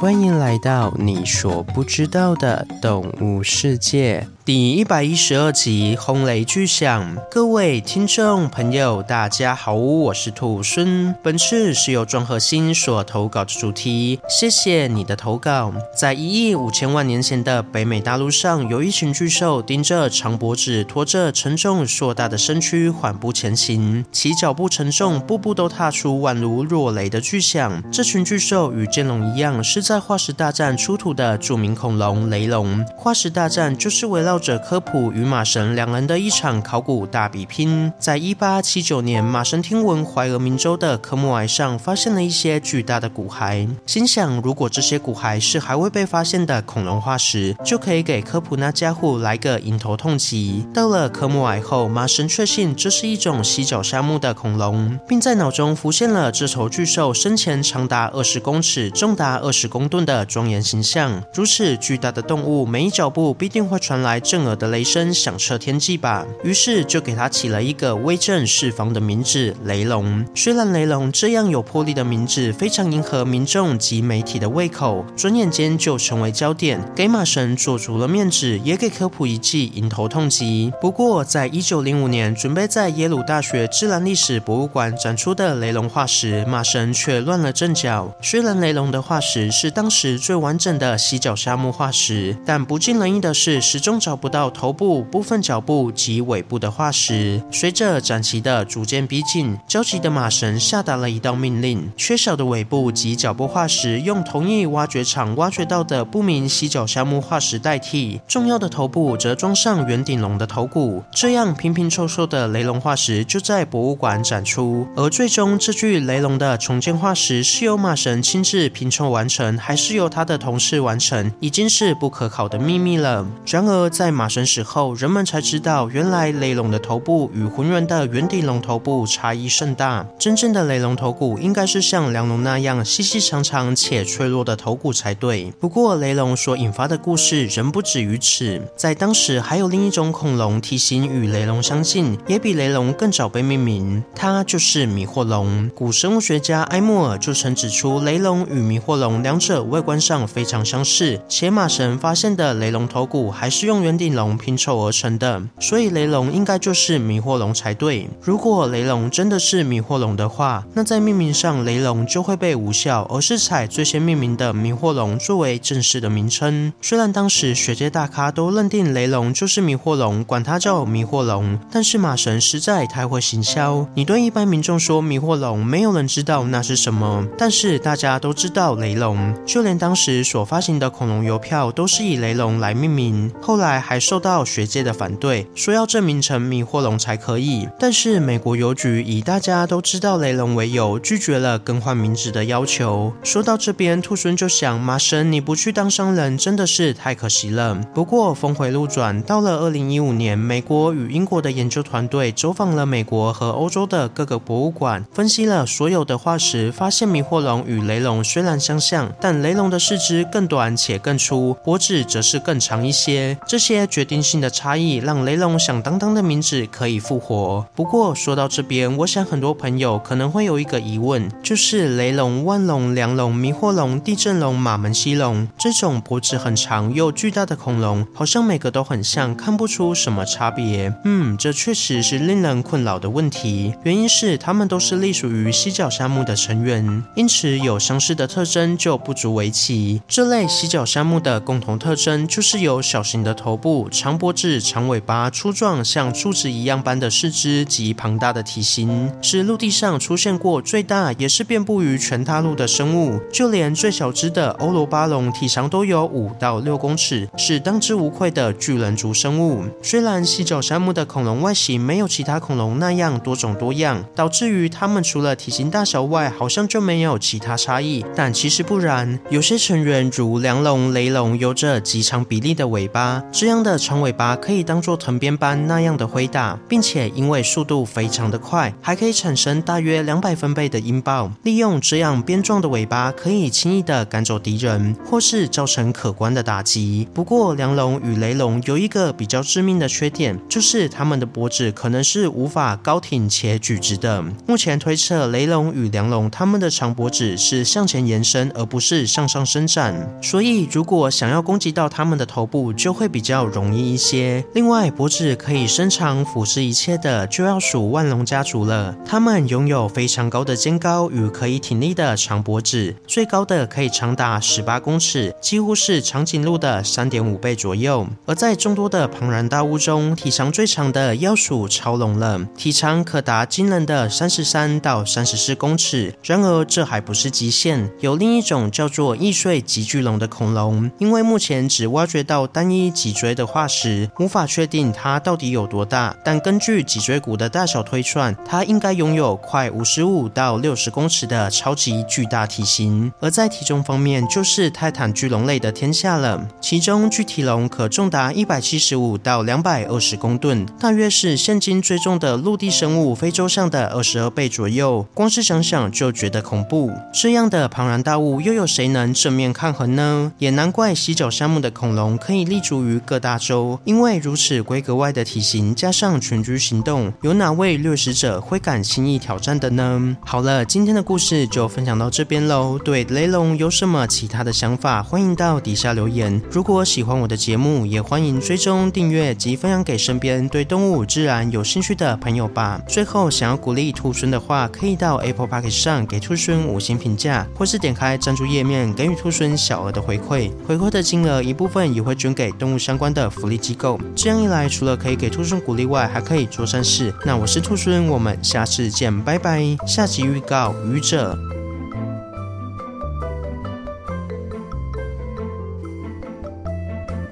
歡迎來到你所不知道的動物世界。1 第一百一十二集轟雷巨響，各位聽眾朋友，大家好，我是兔猻。本次是由莊和新所投稿的主題，謝謝你的投稿。在一億五千萬年前的北美大陸上，有一群巨獸，盯着長脖子，拖着沉重碩大的身軀，緩步前行，其腳步沉重，步步都踏出宛如落雷的巨響。這群巨獸與劍龍一樣，是在化石大戰出土的著名恐龍雷龍。化石大戰就是為了。到着科普與馬神兩人的一場考古大比拼。在一八七九年，馬神聽聞懷俄明州的科莫埃上發現了一些巨大的骨骸，心想如果這些骨骸是還未被發現的恐龍化石，就可以給科普那家伙來個迎頭痛擊。到了科莫埃後，馬神確信這是一種蜥腳下目的恐龍，並在腦中浮現了這頭巨獸生前長達二十公尺、重達二十公噸的莊嚴形象。如此巨大的動物，每一腳步必定會傳來。震耳的雷聲響徹天際吧，於是就給他起了一個威震四方的名字——雷龍。雖然雷龍這樣有魄力的名字非常迎合民眾及媒體的胃口，轉眼間就成為焦點，給馬神做足了面子，也給科普一記迎頭痛擊。不過，在一九零五年準備在耶魯大學自然歷史博物館展出的雷龍化石，馬神卻亂了陣腳。雖然雷龍的化石是當時最完整的蜥腳下目化石，但不盡人意的是，始終找。找不到頭部、部分腳部及尾部的化石。隨着展期的逐漸逼近，焦急的馬神下達了一道命令：缺少的尾部及腳部化石用同一挖掘場挖掘到的不明蜥腳下目化石代替；重要的頭部則裝上圓頂龍的頭骨。這樣，拼拼湊湊的雷龍化石就在博物館展出。而最終，這具雷龍的重建化石是由馬神親自拼湊完成，還是由他的同事完成，已經是不可考的秘密了。然而。在馬神死後，人們才知道原來雷龍的頭部與渾圓的圓頂龍頭部差異甚大。真正的雷龍頭骨應該是像梁龍那樣細細長長且脆弱的頭骨才對。不過，雷龍所引發的故事仍不止於此。在當時，還有另一種恐龍體型與雷龍相近，也比雷龍更早被命名，它就是迷惑龍。古生物學家埃莫爾就曾指出，雷龍與迷惑龍兩者外觀上非常相似，且馬神發現的雷龍頭骨還是用原鑑定龍拼湊而成的，所以雷龍應該就是迷惑龍才對。如果雷龍真的是迷惑龍的話，那在命名上雷龍就會被無效，而是採最先命名的迷惑龍作為正式的名稱。雖然當時學界大咖都認定雷龍就是迷惑龍，管它叫迷惑龍，但是馬神實在太會行銷。你對一般民眾說迷惑龍，沒有人知道那是什麼，但是大家都知道雷龍。就連當時所發行的恐龍郵票都是以雷龍來命名，後來。還受到學界的反對，說要證明成迷惑龍才可以。但是美國郵局以大家都知道雷龍為由，拒絕了更換名字的要求。說到這邊，兔孫就想：麻生，你不去當商人，真的是太可惜了。不過，峰回路轉，到了二零一五年，美國與英國的研究團隊走訪了美國和歐洲的各個博物館，分析了所有的化石，發現迷惑龍與雷龍雖然相像，但雷龍的四肢更短且更粗，脖子則是更長一些。這些。這些決定性的差異讓雷龍響噹噹的名字可以復活。不過說到這邊，我想很多朋友可能會有一個疑問，就是雷龍、腕龍、梁龍、龍、迷惑龍、地震龍、馬門溪龍這種脖子很長又巨大的恐龍，好像每個都很像，看不出什麼差別。嗯，這確實是令人困擾的問題。原因是它們都是隸屬於蜥腳下目的成員，因此有相似的特徵就不足為奇。這類蜥腳下目的共同特徵就是有小型的頭。長脖子、長尾巴、粗壯像柱子一樣般的四肢及龐大的體型，是陸地上出現過最大，也是遍布於全大陸的生物。就連最小只的歐羅巴龍體長都有五到六公尺，是當之無愧的巨人族生物。雖然蜥腳形目的恐龍外形沒有其他恐龍那樣多種多樣，導致於它們除了體型大小外，好像就沒有其他差異。但其實不然，有些成員如梁龍、雷龍有着極長比例的尾巴。這樣的長尾巴可以當做藤鞭般那樣的揮打，並且因為速度非常的快，還可以產生大約兩百分貝的音爆。利用這樣鞭狀的尾巴，可以輕易的趕走敵人，或是造成可觀的打擊。不過，梁龍與雷龍有一個比較致命的缺點，就是它們的脖子可能是無法高挺且舉直的。目前推測，雷龍與梁龍它們的長脖子是向前延伸，而不是向上伸展。所以，如果想要攻擊到它們的頭部，就會比較較容易一些。另外，脖子可以伸長、俯視一切的，就要數腕龍家族了。它們擁有非常高的肩高與可以挺立的長脖子，最高的可以長達十八公尺，幾乎是長頸鹿的三點五倍左右。而在眾多的龐然大物中，體長最長的要數超龍了，體長可達驚人的三十三到三十四公尺。然而，這還不是極限，有另一種叫做易碎極巨龍的恐龍，因為目前只挖掘到單一極。椎的化石無法確定它到底有多大，但根據脊椎骨的大小推算，它應該擁有快五十五到六十公尺的超級巨大體型。而在體重方面，就是泰坦巨龍類的天下了。其中巨體龍可重達一百七十五到兩百二十公噸，大約是現今最重的陸地生物非洲象的二十二倍左右。光是想想就覺得恐怖。這樣的龐然大物，又有誰能正面抗衡呢？也難怪蜥腳下目的恐龍可以立足於。各大洲，因為如此規格外的體型，加上群居行動，有哪位掠食者會敢輕易挑戰的呢？好了，今天的故事就分享到這邊嘍。對雷龍有什麼其他的想法，歡迎到底下留言。如果喜歡我的節目，也歡迎追蹤、訂閱及分享給身邊對動物自然有興趣的朋友吧。最後想要鼓勵兔猻的話，可以到 Apple Park 上給兔猻五星評價，或是點開贊助頁面給予兔猻小額的回饋。回饋的金額，一部分也會捐給動物相。關的福利機構，這樣一來，除了可以給兔猻鼓勵外，還可以做善事。那我是兔猻，我們下次見，拜拜。下集預告：愚者。